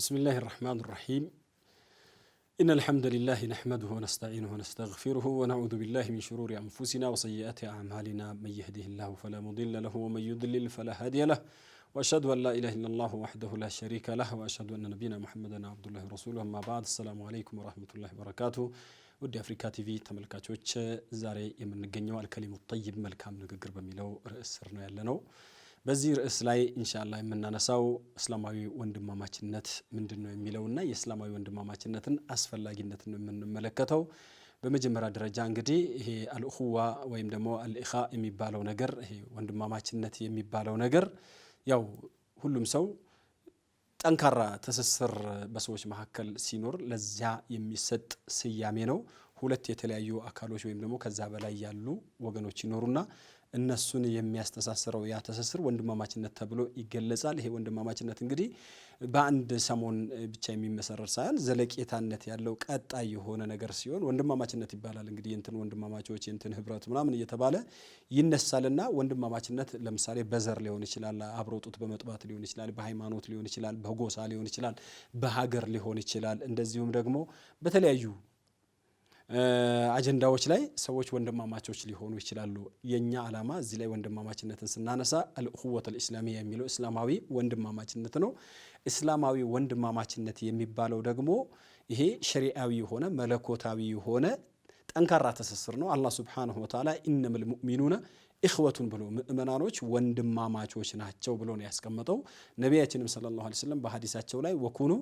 بسم الله الرحمن الرحيم إن الحمد لله نحمده ونستعينه ونستغفره ونعوذ بالله من شرور أنفسنا وسيئات أعمالنا من يهده الله فلا مضل له ومن يضلل فلا هادي له وأشهد أن لا إله إلا الله وحده لا شريك له وأشهد أن نبينا محمدا عبد الله ورسوله أما بعد السلام عليكم ورحمة الله وبركاته ودي أفريكا تي في ዛሬ زاري يمن ጠይብ መልካም ንግግር በሚለው ርዕስ ስር ነው ያለ ነው። በዚህ ርዕስ ላይ እንሻላ የምናነሳው እስላማዊ ወንድማማችነት ምንድን ነው የሚለውና የእስላማዊ ወንድማማችነትን አስፈላጊነት ነው የምንመለከተው። በመጀመሪያ ደረጃ እንግዲህ ይሄ አልእኹዋ ወይም ደግሞ አልኢኻ የሚባለው ነገር ይሄ ወንድማማችነት የሚባለው ነገር ያው ሁሉም ሰው ጠንካራ ትስስር በሰዎች መካከል ሲኖር ለዚያ የሚሰጥ ስያሜ ነው። ሁለት የተለያዩ አካሎች ወይም ደግሞ ከዛ በላይ ያሉ ወገኖች ይኖሩና እነሱን የሚያስተሳስረው ያ ትስስር ወንድማማችነት ተብሎ ይገለጻል። ይሄ ወንድማማችነት እንግዲህ በአንድ ሰሞን ብቻ የሚመሰረት ሳይሆን ዘለቄታነት ያለው ቀጣይ የሆነ ነገር ሲሆን ወንድማማችነት ይባላል። እንግዲህ የእንትን ወንድማማቾች የእንትን ህብረት ምናምን እየተባለ ይነሳልና ወንድማማችነት ለምሳሌ በዘር ሊሆን ይችላል፣ አብሮ ጡት በመጥባት ሊሆን ይችላል፣ በሃይማኖት ሊሆን ይችላል፣ በጎሳ ሊሆን ይችላል፣ በሀገር ሊሆን ይችላል። እንደዚሁም ደግሞ በተለያዩ አጀንዳዎች ላይ ሰዎች ወንድማማቾች ሊሆኑ ይችላሉ። የኛ ዓላማ እዚህ ላይ ወንድማማችነትን ስናነሳ አልኡኹወት አልኢስላሚያ የሚለው እስላማዊ ወንድማማችነት ነው። እስላማዊ ወንድማማችነት የሚባለው ደግሞ ይሄ ሸሪዓዊ የሆነ መለኮታዊ የሆነ ጠንካራ ትስስር ነው። አላህ ሱብሓነሁ ወተዓላ ኢነመል ሙእሚኑነ ኢኽወቱን ብሎ ምእመናኖች ወንድማማቾች ናቸው ብሎ ነው ያስቀመጠው። ነቢያችንም ሰለላሁ ዐለይሂ ወሰለም በሐዲሳቸው ላይ ወኩኑ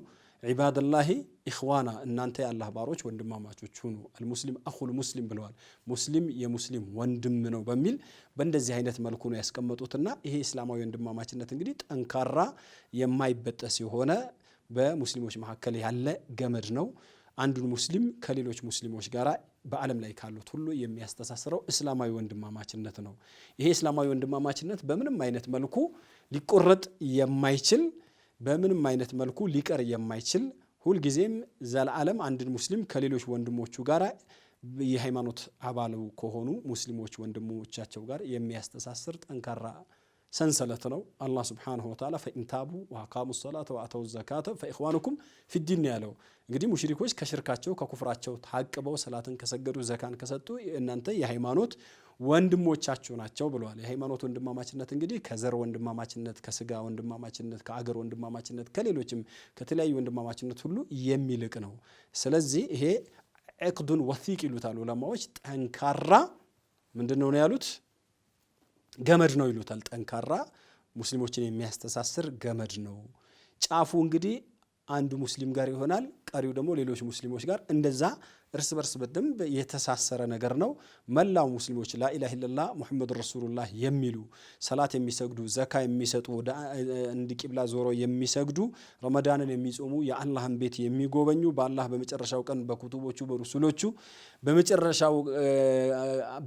ዒባድላሂ ኢኽዋና እናንተ የአላህ ባሮች ወንድማማቾች ሁኑ፣ አልሙስሊም አኹል ሙስሊም ብለዋል። ሙስሊም የሙስሊም ወንድም ነው በሚል በእንደዚህ አይነት መልኩ ነው ያስቀመጡትና ይሄ እስላማዊ ወንድማማችነት እንግዲህ ጠንካራ የማይበጠስ የሆነ በሙስሊሞች መካከል ያለ ገመድ ነው። አንዱን ሙስሊም ከሌሎች ሙስሊሞች ጋር በዓለም ላይ ካሉት ሁሉ የሚያስተሳስረው እስላማዊ ወንድማማችነት ነው። ይሄ እስላማዊ ወንድማማችነት በምንም አይነት መልኩ ሊቆረጥ የማይችል በምንም አይነት መልኩ ሊቀር የማይችል ሁልጊዜም ዘላለም አንድን ሙስሊም ከሌሎች ወንድሞቹ ጋር የሃይማኖት አባሉ ከሆኑ ሙስሊሞች ወንድሞቻቸው ጋር የሚያስተሳስር ጠንካራ ሰንሰለት ነው። አላህ ስብሓነሁ ወተዓላ ፈኢንታቡ ወአቃሙ ሰላተ ወአተው ዘካተ ፈኢኽዋኑኩም ፊዲን ያለው እንግዲህ ሙሽሪኮች ከሽርካቸው ከኩፍራቸው ታቅበው ሰላትን ከሰገዱ ዘካን ከሰጡ እናንተ የሃይማኖት ወንድሞቻችሁ ናቸው ብለዋል። የሃይማኖት ወንድማማችነት እንግዲህ ከዘር ወንድማማችነት፣ ከስጋ ወንድማማችነት፣ ከአገር ወንድማማችነት፣ ከሌሎችም ከተለያዩ ወንድማማችነት ሁሉ የሚልቅ ነው። ስለዚህ ይሄ ዕቅዱን ወሲቅ ይሉታል ዑለማዎች። ጠንካራ ምንድን ነው ያሉት ገመድ ነው ይሉታል። ጠንካራ ሙስሊሞችን የሚያስተሳስር ገመድ ነው። ጫፉ እንግዲህ አንዱ ሙስሊም ጋር ይሆናል፣ ቀሪው ደግሞ ሌሎች ሙስሊሞች ጋር እንደዛ እርስ በርስ በደንብ የተሳሰረ ነገር ነው። መላው ሙስሊሞች ላኢላህ ኢለላ ሙሐመድ ረሱሉላህ የሚሉ ሰላት የሚሰግዱ ዘካ የሚሰጡ ወደ እንድ ቂብላ ዞሮ የሚሰግዱ ረመዳንን የሚጾሙ የአላህን ቤት የሚጎበኙ በአላህ በመጨረሻው ቀን በኩቱቦቹ በሩሱሎቹ በመጨረሻው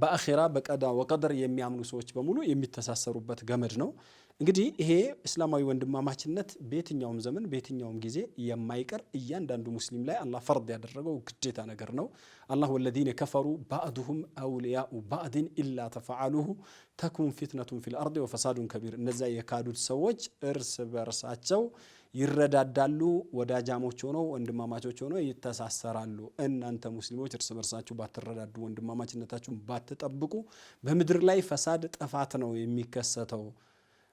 በአኼራ በቀዳ ወቀደር የሚያምኑ ሰዎች በሙሉ የሚተሳሰሩበት ገመድ ነው። እንግዲህ ይሄ እስላማዊ ወንድማማችነት በየትኛውም ዘመን በየትኛውም ጊዜ የማይቀር እያንዳንዱ ሙስሊም ላይ አላህ ፈርድ ያደረገው ግዴታ ነገር ነው። አላህ ወለዚነ ከፈሩ ባዕዱሁም አውልያኡ ባዕድን ኢላ ተፈዓሉሁ ተኩን ፊትነቱን ፊል አርድ ወፈሳዱን ከቢር። እነዚያ የካዱት ሰዎች እርስ በርሳቸው ይረዳዳሉ፣ ወዳጃሞች ሆነው ወንድማማቾች ሆነው ይተሳሰራሉ። እናንተ ሙስሊሞች እርስ በርሳችሁ ባትረዳዱ፣ ወንድማማችነታችሁን ባትጠብቁ በምድር ላይ ፈሳድ ጥፋት ነው የሚከሰተው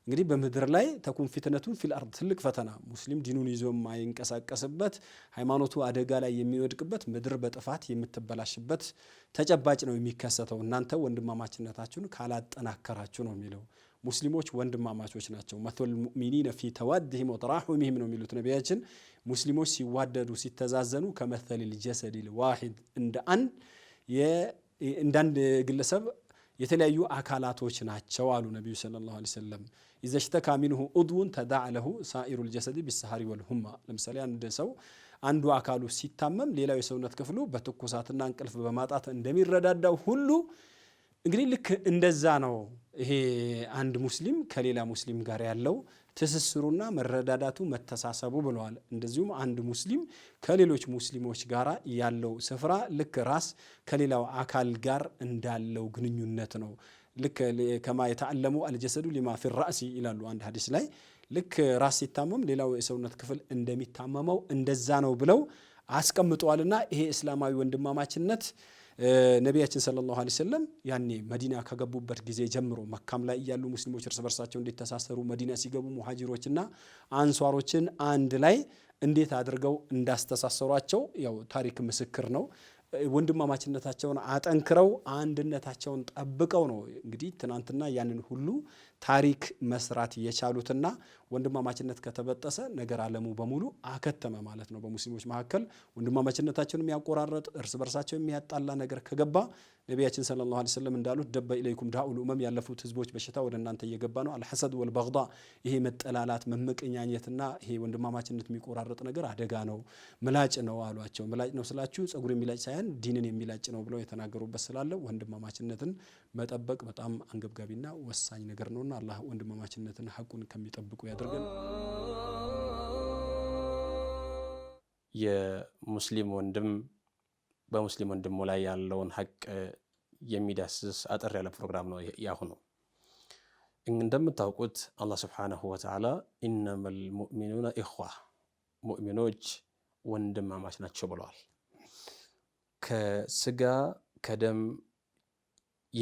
እንግዲህ በምድር ላይ ተኩን ፊትነቱን ፊል አርድ ትልቅ ፈተና ሙስሊም ዲኑን ይዞ የማይንቀሳቀስበት ሃይማኖቱ አደጋ ላይ የሚወድቅበት ምድር በጥፋት የምትበላሽበት ተጨባጭ ነው የሚከሰተው እናንተ ወንድማማችነታችሁን ካላጠናከራችሁ ነው የሚለው ሙስሊሞች ወንድማማቾች ናቸው መቶል ሙእሚኒነ ፊ ተዋድህም ወተራሑምህም ነው የሚሉት ነቢያችን ሙስሊሞች ሲዋደዱ ሲተዛዘኑ ከመተል ልጀሰድ ልዋሂድ እንደ አንድ እንዳንድ ግለሰብ የተለያዩ አካላቶች ናቸው አሉ ነቢዩ ሰለላሁ ዐለይሂ ወሰለም። ኢዘሽተካ ሚንሁ ኡድውን ተዳዕ ለሁ ሳኢሩል ልጀሰድ ቢሰሐሪ ወልሁማ። ለምሳሌ አንድ ሰው አንዱ አካሉ ሲታመም ሌላው የሰውነት ክፍሉ በትኩሳትና እንቅልፍ በማጣት እንደሚረዳዳው ሁሉ እንግዲህ ልክ እንደዛ ነው ይሄ አንድ ሙስሊም ከሌላ ሙስሊም ጋር ያለው ትስስሩና መረዳዳቱ መተሳሰቡ ብለዋል። እንደዚሁም አንድ ሙስሊም ከሌሎች ሙስሊሞች ጋር ያለው ስፍራ ልክ ራስ ከሌላው አካል ጋር እንዳለው ግንኙነት ነው። ልክ ከማ የተአለሙ አልጀሰዱ ሊማ ፊ ራእሲ ይላሉ አንድ ሀዲስ ላይ ልክ ራስ ሲታመም ሌላው የሰውነት ክፍል እንደሚታመመው እንደዛ ነው ብለው አስቀምጠዋልና ይሄ እስላማዊ ወንድማማችነት ነቢያችን ሰለላሁ ዐለይሂ ወሰለም ያኔ መዲና ከገቡበት ጊዜ ጀምሮ መካም ላይ እያሉ ሙስሊሞች እርስ በርሳቸው እንዴት ተሳሰሩ፣ መዲና ሲገቡ ሙሃጅሮችና አንሷሮችን አንድ ላይ እንዴት አድርገው እንዳስተሳሰሯቸው ያው ታሪክ ምስክር ነው። ወንድማማችነታቸውን አጠንክረው አንድነታቸውን ጠብቀው ነው እንግዲህ ትናንትና ያንን ሁሉ ታሪክ መስራት የቻሉትና ወንድማማችነት ከተበጠሰ ነገር አለሙ በሙሉ አከተመ ማለት ነው። በሙስሊሞች መካከል ወንድማማችነታቸውን የሚያቆራረጥ እርስ በርሳቸው የሚያጣላ ነገር ከገባ ነቢያችን ሰለላሁ ዐለይሂ ወሰለም እንዳሉት ደበ ኢለይኩም ዳኡል ኡመም ያለፉት ህዝቦች በሽታ ወደ እናንተ እየገባ ነው። አልሐሰድ ወልበግዳ ይሄ መጠላላት መመቀኛኘትና ይሄ ወንድማማችነት የሚቆራረጥ ነገር አደጋ ነው፣ ምላጭ ነው አሏቸው። ምላጭ ነው ስላችሁ ጸጉር የሚላጭ ሳይሆን ዲንን የሚላጭ ነው ብለው የተናገሩበት ስላለ ወንድማማችነትን መጠበቅ በጣም አንገብጋቢና ወሳኝ ነገር ነውና አላህ ወንድማማችነትን ሐቁን ከሚጠብቁ አድርገን የሙስሊም ወንድም በሙስሊም ወንድሙ ላይ ያለውን ሀቅ የሚዳስስ አጠር ያለ ፕሮግራም ነው ያሁኑ። እንደምታውቁት አላህ ስብሓነሁ ወተዓላ ኢነመል ሙእሚኑነ ኢኽዋ ሙእሚኖች ወንድማማች ናቸው ብለዋል። ከስጋ ከደም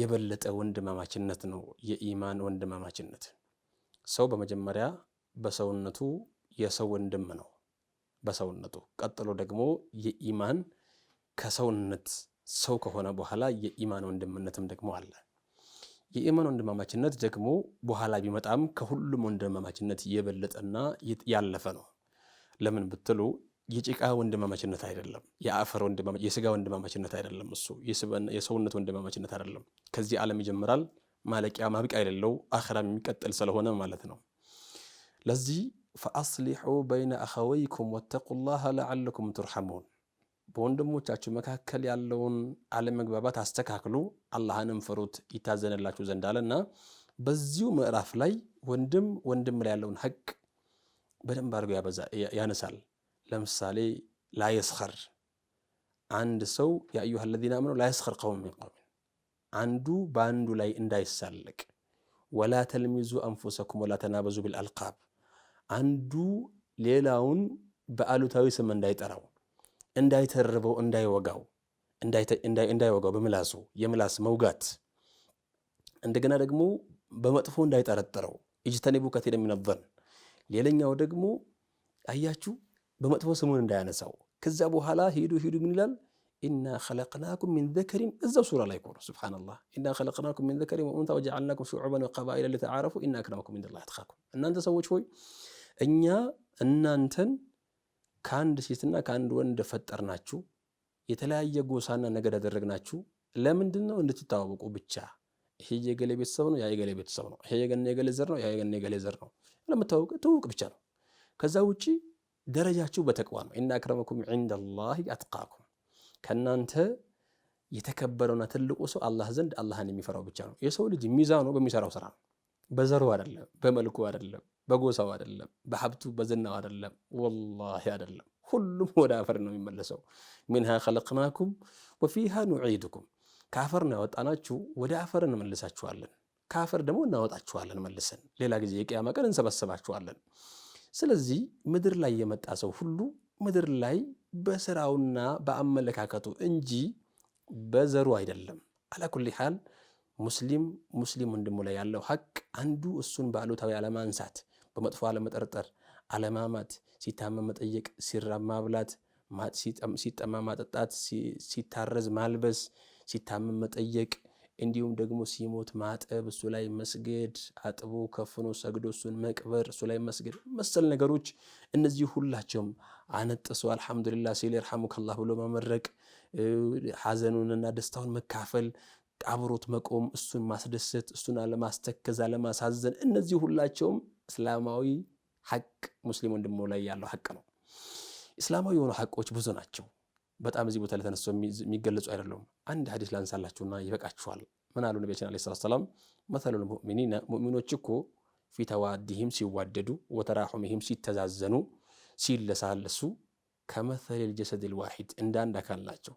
የበለጠ ወንድማማችነት ነው የኢማን ወንድማማችነት። ሰው በመጀመሪያ በሰውነቱ የሰው ወንድም ነው በሰውነቱ ቀጥሎ ደግሞ የኢማን ከሰውነት ሰው ከሆነ በኋላ የኢማን ወንድምነትም ደግሞ አለ። የኢማን ወንድማማችነት ደግሞ በኋላ ቢመጣም ከሁሉም ወንድማማችነት የበለጠና ያለፈ ነው። ለምን ብትሉ የጭቃ ወንድማማችነት አይደለም፣ የአፈር የስጋ ወንድማማችነት አይደለም፣ እሱ የሰውነት ወንድማማችነት አይደለም። ከዚህ ዓለም ይጀምራል፣ ማለቂያ ማብቂያ የሌለው አኸራም የሚቀጥል ስለሆነ ማለት ነው። ለዚህ ፈአስሊሑ በይነ አኸወይኩም ወተቁላሃ ለዓለኩም ቱርሐሙን በወንድሞቻችሁ መካከል ያለውን አለመግባባት አስተካክሉ፣ አላህንም ፍሩት ይታዘንላችሁ ዘንድ አለና በዚሁ ምዕራፍ ላይ ወንድም ወንድም ላይ ያለውን ሐቅ በደንብ አድርጎ ያነሳል። ለምሳሌ ላየስኸር አንድ ሰው የአዩሃ ለዚነ አመኑ ላየስኸር ቀውም ሚን ቀውሚን አንዱ በአንዱ ላይ እንዳይሳለቅ፣ ወላ ተልሚዙ አንፉሰኩም ወላ ተናበዙ ቢልአልቃብ አንዱ ሌላውን በአሉታዊ ስም እንዳይጠራው፣ እንዳይተርበው፣ እንዳይወጋው እንዳይወጋው በምላሱ የምላስ መውጋት እንደገና ደግሞ በመጥፎ እንዳይጠረጠረው ኢጅተኒቡ ከቲረ ሚነ ሌላኛው ደግሞ አያችሁ በመጥፎ ስሙን እንዳያነሳው። ከዛ በኋላ ሂዱ ሂዱ ምን ይላል? ኢና ኸለቅናኩም ሚን ዘከሪን እዛው ሱራ ላይ ኮኑ ስብሓነላህ። ኢና ኸለቅናኩም ሚን ዘከሪን ወኡንታ ወጀዓልናኩም ሹዑበን ወቀባኢለ ሊተዓረፉ ኢና አክረመኩም ኢንደላሂ አትቃኩም። እናንተ ሰዎች ሆይ እኛ እናንተን ከአንድ ሴትና ከአንድ ወንድ ፈጠርናችሁ፣ የተለያየ ጎሳና ነገድ ያደረግናችሁ ለምንድን ነው? እንድትታወቁ ብቻ። ይሄ የገሌ ቤተሰብ ነው፣ ያ የገሌ ቤተሰብ ነው፣ ይሄ የገና የገሌ ዘር ነው፣ ያ የገና የገሌ ዘር ነው። ለምታወቅ ትውቅ ብቻ ነው። ከዛ ውጭ ደረጃችሁ በተቅዋ ነው። ኢነ አክረመኩም ዒንደላሂ አትቃኩም፣ ከእናንተ የተከበረውና ትልቁ ሰው አላህ ዘንድ አላህን የሚፈራው ብቻ ነው። የሰው ልጅ ሚዛኑ በሚሰራው ስራ ነው። በዘሩ አይደለም፣ በመልኩ አይደለም፣ በጎሳው አይደለም፣ በሀብቱ በዝናው አይደለም፣ ወላሂ አይደለም። ሁሉም ወደ አፈር ነው የሚመለሰው። ሚንሃ ኸለቅናኩም ወፊሃ ኑዒድኩም፣ ከአፈር ያወጣናችሁ ወደ አፈር እንመልሳችኋለን፣ ከአፈር ደግሞ እናወጣችኋለን መልሰን፣ ሌላ ጊዜ የቅያማ ቀን እንሰበስባችኋለን። ስለዚህ ምድር ላይ የመጣ ሰው ሁሉ ምድር ላይ በስራውና በአመለካከቱ እንጂ በዘሩ አይደለም። አላ ሓል ሙስሊም ሙስሊም ወንድሙ ላይ ያለው ሀቅ አንዱ እሱን በአሉታዊ አለማንሳት፣ በመጥፎ አለመጠርጠር፣ አለማማት፣ ሲታመም መጠየቅ፣ ሲራብ ማብላት፣ ሲጠማ ማጠጣት፣ ሲታረዝ ማልበስ፣ ሲታመም መጠየቅ፣ እንዲሁም ደግሞ ሲሞት ማጠብ፣ እሱ ላይ መስገድ፣ አጥቦ ከፍኖ ሰግዶ እሱን መቅበር፣ እሱ ላይ መስገድ መሰል ነገሮች እነዚህ ሁላቸውም አነጥሶ አልሐምዱሊላህ ሲል የርሐሙከላህ ብሎ መመረቅ፣ ሐዘኑንና ደስታውን መካፈል አብሮት መቆም፣ እሱን ማስደሰት፣ እሱን አለማስተከዝ፣ አለማሳዘን እነዚህ ሁላቸውም እስላማዊ ሐቅ ሙስሊም ወንድሞ ላይ ያለው ሐቅ ነው። እስላማዊ የሆኑ ሐቆች ብዙ ናቸው። በጣም እዚህ ቦታ ላይ የሚገለጹ አይደለም። አንድ ሀዲስ ላንሳላችሁና ይበቃችኋል። ምን አሉ ነቢያችን ዓለይሂ ሰላቱ ወሰላም መተሉል ሙእሚኒና ሙእሚኖች እኮ ፊ ተዋዲሂም ሲዋደዱ፣ ወተራሑምህም ሲተዛዘኑ፣ ሲለሳለሱ ከመተሊል ጀሰዲል ዋሂድ እንደ አንድ አካል ናቸው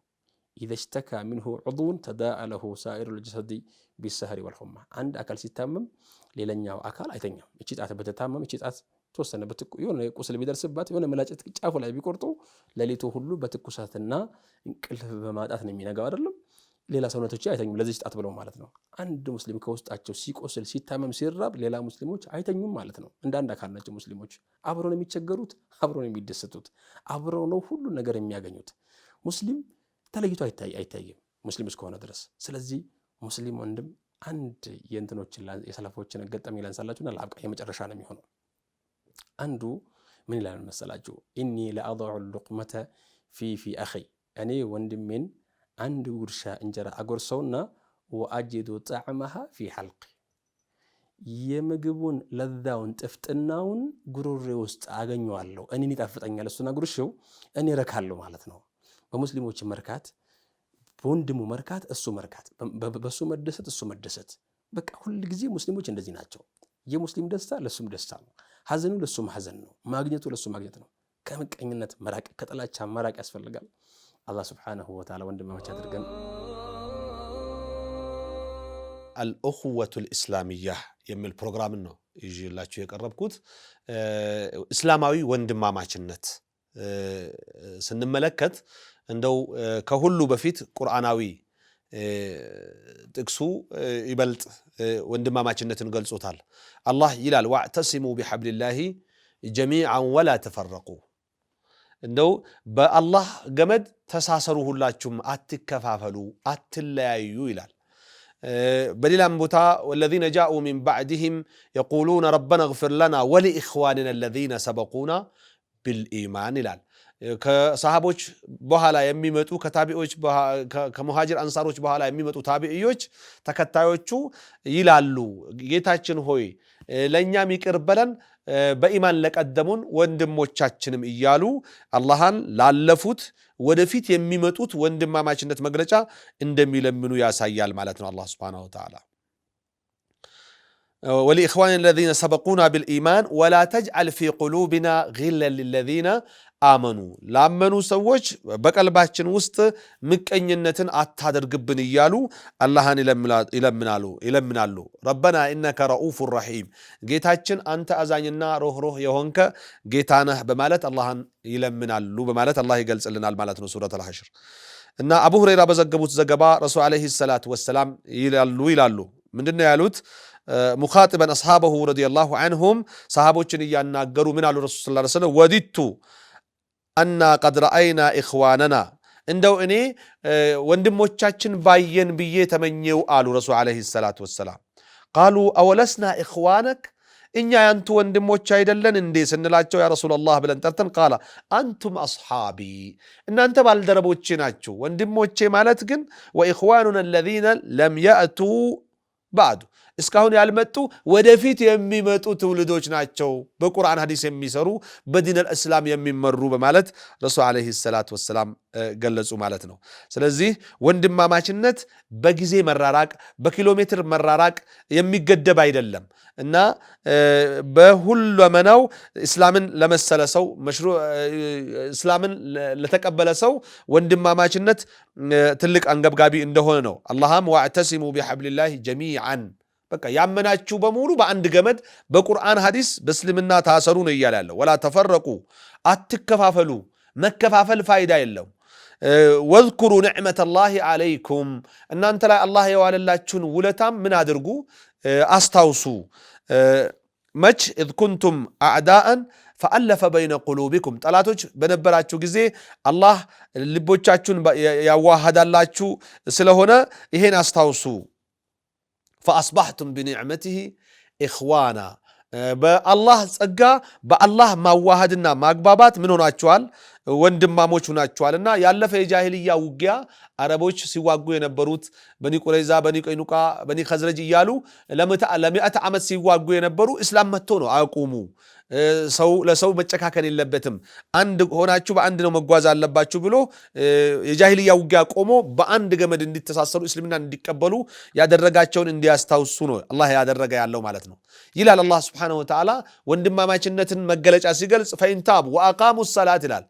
ኢዘ ሽተካ ሚንሁ ዑድውን ተዳአ ለሁ ሳኢሩ ልጅሰዲ ቢሰህሪ ወልሁማ። አንድ አካል ሲታመም ሌላኛው አካል አይተኛም። እቺ ጣት በተታመም እቺ ጣት ተወሰነ የሆነ ቁስል ቢደርስባት የሆነ መላጨት ጫፉ ላይ ቢቆርጡ ሌሊቱ ሁሉ በትኩሳትና እንቅልፍ በማጣት ነው የሚነጋው አይደለም። ሌላ ሰውነቶች አይተኙም፣ ለዚህ ጣት ብለው ማለት ነው። አንድ ሙስሊም ከውስጣቸው ሲቆስል ሲታመም ሲራብ ሌላ ሙስሊሞች አይተኙም ማለት ነው። እንደ አንድ አካል ናቸው ሙስሊሞች። አብረው ነው የሚቸገሩት፣ አብረው ነው የሚደሰቱት፣ አብረው ነው ሁሉ ነገር የሚያገኙት ሙስሊም ተለይቶ አይታይም ሙስሊም እስከሆነ ድረስ። ስለዚህ ሙስሊም ወንድም አንድ የእንትኖችን የሰለፎችን ገጠመኝ ላንሳላችሁና ለአብቃ የመጨረሻ ነው የሚሆነው። አንዱ ምን ይላል መሰላችሁ? ኢኒ ለአضዑ ሉቅመተ ፊ ፊ አኺ እኔ ወንድሜን አንድ ጉርሻ እንጀራ አጎርሰውና ወአጅዱ ጣዕመሃ ፊ ሐልቂ የምግቡን ለዛውን ጥፍጥናውን ጉሮሬ ውስጥ አገኘዋለሁ። እኔን ይጣፍጠኛል፣ እሱና ጉርሽው እኔ ረካለሁ ማለት ነው። በሙስሊሞች መርካት፣ በወንድሙ መርካት፣ እሱ መርካት፣ በእሱ መደሰት፣ እሱ መደሰት። በቃ ሁል ጊዜ ሙስሊሞች እንደዚህ ናቸው። የሙስሊም ደስታ ለሱም ደስታ ነው፣ ሀዘኑ ለሱም ሀዘን ነው፣ ማግኘቱ ለሱ ማግኘት ነው። ከምቀኝነት መራቅ፣ ከጥላቻ መራቅ ያስፈልጋል። አላህ ስብሓነሁ ወተዓላ ወንድማማች አድርገን። አልኡኹወቱል ኢስላሚያ የሚል ፕሮግራምን ነው ይዤላችሁ የቀረብኩት። እስላማዊ ወንድማማችነት ስንመለከት እንደው ከሁሉ በፊት ቁርአናዊ ጥቅሱ ይበልጥ ወንድማማችነትን ገልጾታል። አላህ ይላል ዋዕተሲሙ ቢሐብሊላሂ ጀሚዓን ወላ ተፈረቁ፣ እንደው በአላህ ገመድ ተሳሰሩ፣ ሁላችሁም አትከፋፈሉ፣ አትለያዩ ይላል። በሌላም ቦታ ወለዚነ ጃኡ ሚን ባዕድህም የቁሉነ ረበና እግፍር ለና ወሊኢኽዋንና አለዚነ ሰበቁና ቢልኢማን ይላል። ከሰሃቦች በኋላ የሚመጡ ከታቢዎች ከሙሃጅር አንሳሮች በኋላ የሚመጡ ታቢዕዮች ተከታዮቹ ይላሉ፣ ጌታችን ሆይ ለእኛም ይቅር በለን በኢማን ለቀደሙን ወንድሞቻችንም እያሉ አላህን ላለፉት ወደፊት የሚመጡት ወንድማማችነት መግለጫ እንደሚለምኑ ያሳያል ማለት ነው አላህ ሱብሓነሁ ወተዓላ ወሊኢኽዋኒና ለዚነ ሰበቁና ቢልኢማን ወላ ተጅዐል ፊ ቁሉቢና ጊለን ሊለዚነ አመኑ ላመኑ ሰዎች በቀልባችን ውስጥ ምቀኝነትን አታደርግብን እያሉ አላህን ይለምናሉ። ረበና ኢነከ ረኡፉ ረሒም ጌታችን አንተ አዛኝና ሮህሮህ የሆንከ ጌታ ነህ በማለት አላህን ይለምናሉ በማለት አላህ ይገልጽልናል ማለት ነው ሱረቱል ሐሽር እና አቡ ሁረይራ በዘገቡት ዘገባ ረሱል ዓለይሂ ሰላት ወሰላም ይላሉ ይላሉ ምንድነው ያሉት? ሙኻጥበን አስሓበሁ ረዲየላሁ አንሁም ሰሃቦችን እያናገሩ ምን አሉ? ረሱል ሰለላሁ ዐለይሂ ወዲቱ አና ቀድ ረአይና ኢኽዋነና እንደው እኔ ወንድሞቻችን ባየን ብዬ ተመኘው አሉ ረሱል ዐለይሂ ሰላቱ ወሰላም። ቃሉ አወለስና ኢኽዋነክ እኛ ያንቱ ወንድሞች አይደለን እንዴ ስንላቸው፣ ያ ረሱላላህ ብለን ጠርተን ቃላ አንቱም አስሓቢ እናንተ ባልደረቦቼ ናችሁ። ወንድሞቼ ማለት ግን ወኢኽዋኑና አለዚነ ለም ያእቱ ባዕዱ እስካሁን ያልመጡ ወደፊት የሚመጡ ትውልዶች ናቸው በቁርአን ሀዲስ የሚሰሩ በዲነል እስላም የሚመሩ በማለት ረሱል ዓለይሂ ሰላት ወሰላም ገለጹ ማለት ነው። ስለዚህ ወንድማማችነት በጊዜ መራራቅ፣ በኪሎ ሜትር መራራቅ የሚገደብ አይደለም እና በሁለመናው እስላምን ለመሰለ ሰው እስላምን ለተቀበለ ሰው ወንድማማችነት ትልቅ አንገብጋቢ እንደሆነ ነው። አላህም ዋዕተሲሙ ቢሐብሊላሂ ጀሚዓን በቃ ያመናችሁ በሙሉ በአንድ ገመድ በቁርአን ሐዲስ በእስልምና ታሰሩ ነው እያለ ያለው። ወላ ተፈረቁ አትከፋፈሉ። መከፋፈል ፋይዳ የለው። ወዝኩሩ ንዕመት አለይኩም እናንተ ላይ አላህ የዋለላችሁን ውለታም ምን አድርጉ አስታውሱ። መች ኢዝ ኩንቱም አዕዳአን ፈአለፈ በይነ ቁሉቢኩም ጠላቶች በነበራችሁ ጊዜ አላህ ልቦቻችሁን ያዋሃዳላችሁ ስለሆነ ይሄን አስታውሱ። ፈአስባሕቱም ቢኒዕመቲሂ ኢኽዋና በአላህ ጸጋ በአላህ ማዋሃድና ማግባባት ምን ሆናችኋል? ወንድማሞች ሆናችኋል። እና ያለፈ የጃሂልያ ውጊያ አረቦች ሲዋጉ የነበሩት በኒ ቁረይዛ፣ በኒ ቀይኑቃ፣ በኒ ከዝረጅ እያሉ ለምዕተ ዓመት ሲዋጉ የነበሩ እስላም መጥቶ ነው አቁሙ ሰው ለሰው መጨካከን የለበትም፣ አንድ ሆናችሁ በአንድ ነው መጓዝ አለባችሁ ብሎ የጃሂልያ ውጊያ ቆሞ በአንድ ገመድ እንዲተሳሰሩ እስልምና እንዲቀበሉ ያደረጋቸውን እንዲያስታውሱ ነው አላህ ያደረገ ያለው ማለት ነው። ይላል አላህ ስብሓነሁ ወተዓላ ወንድማማችነትን መገለጫ ሲገልጽ ፈኢንታብ ወአቃሙ ሰላት ይላል።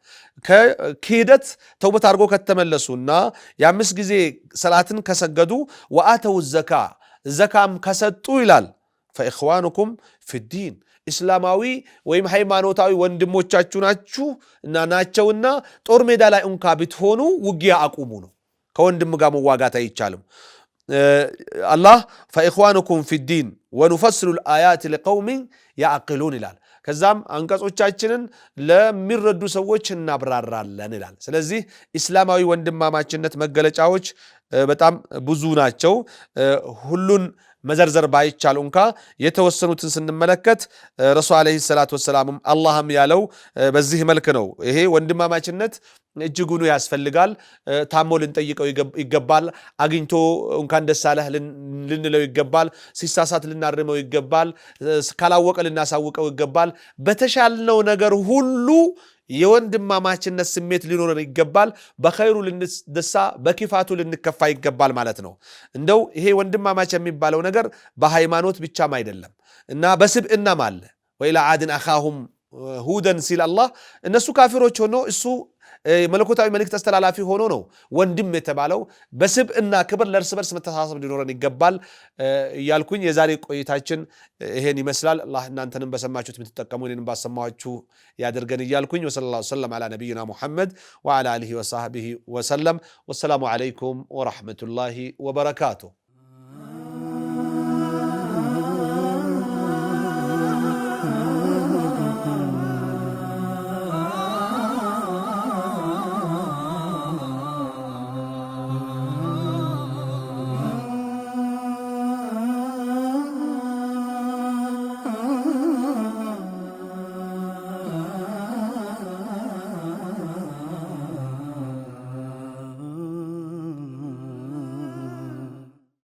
ከሂደት ተውበት አድርጎ ከተመለሱና የአምስት ጊዜ ሰላትን ከሰገዱ ወአተው ዘካ ዘካም ከሰጡ ይላል ፈኢኽዋኑኩም ፊዲን ኢስላማዊ ወይም ሃይማኖታዊ ወንድሞቻችሁ ናችሁ እና ናቸውና ጦር ሜዳ ላይ እንኳ ብትሆኑ ውጊያ አቁሙ ነው። ከወንድም ጋር መዋጋት አይቻልም። አላህ ፈኢኽዋኑኩም ፊዲን ወኑፈስሉ ልአያት ሊቀውሚን ያአቅሉን ይላል። ከዛም አንቀጾቻችንን ለሚረዱ ሰዎች እናብራራለን ይላል። ስለዚህ ኢስላማዊ ወንድማማችነት መገለጫዎች በጣም ብዙ ናቸው። ሁሉን መዘርዘር ባይቻሉ እንኳ የተወሰኑትን ስንመለከት ረሱ ዓለይሂ ሰላት ወሰላምም አላህም ያለው በዚህ መልክ ነው። ይሄ ወንድማማችነት እጅጉኑ ያስፈልጋል። ታሞ ልንጠይቀው ይገባል። አግኝቶ እንኳን ደስ አለህ ልንለው ይገባል። ሲሳሳት ልናርመው ይገባል። ካላወቀ ልናሳውቀው ይገባል። በተሻልነው ነገር ሁሉ የወንድማማችነት ስሜት ሊኖረን ይገባል። በኸይሩ ልንደሳ በኪፋቱ ልንከፋ ይገባል ማለት ነው። እንደው ይሄ ወንድማማች የሚባለው ነገር በሃይማኖት ብቻም አይደለም እና በስብዕናም አለ። ወኢላ አድን አኻሁም ሁደን ሲል አላህ እነሱ ካፊሮች ሆኖ እሱ መለኮታዊ መልእክት አስተላላፊ ሆኖ ነው ወንድም የተባለው። በስብ እና ክብር ለእርስ በርስ መተሳሰብ ሊኖረን ይገባል እያልኩኝ የዛሬ ቆይታችን ይሄን ይመስላል። አላህ እናንተንም በሰማችሁት የምትጠቀሙ እኔንም ባሰማችሁ ያደርገን እያልኩኝ ወሰለላሁ ሰለም አላ ነቢይና ሙሐመድ ወአላ አሊሂ ወሳህቢሂ ወሰለም። ወሰላሙ ዓለይኩም ወረሕመቱላሂ ወበረካቱ።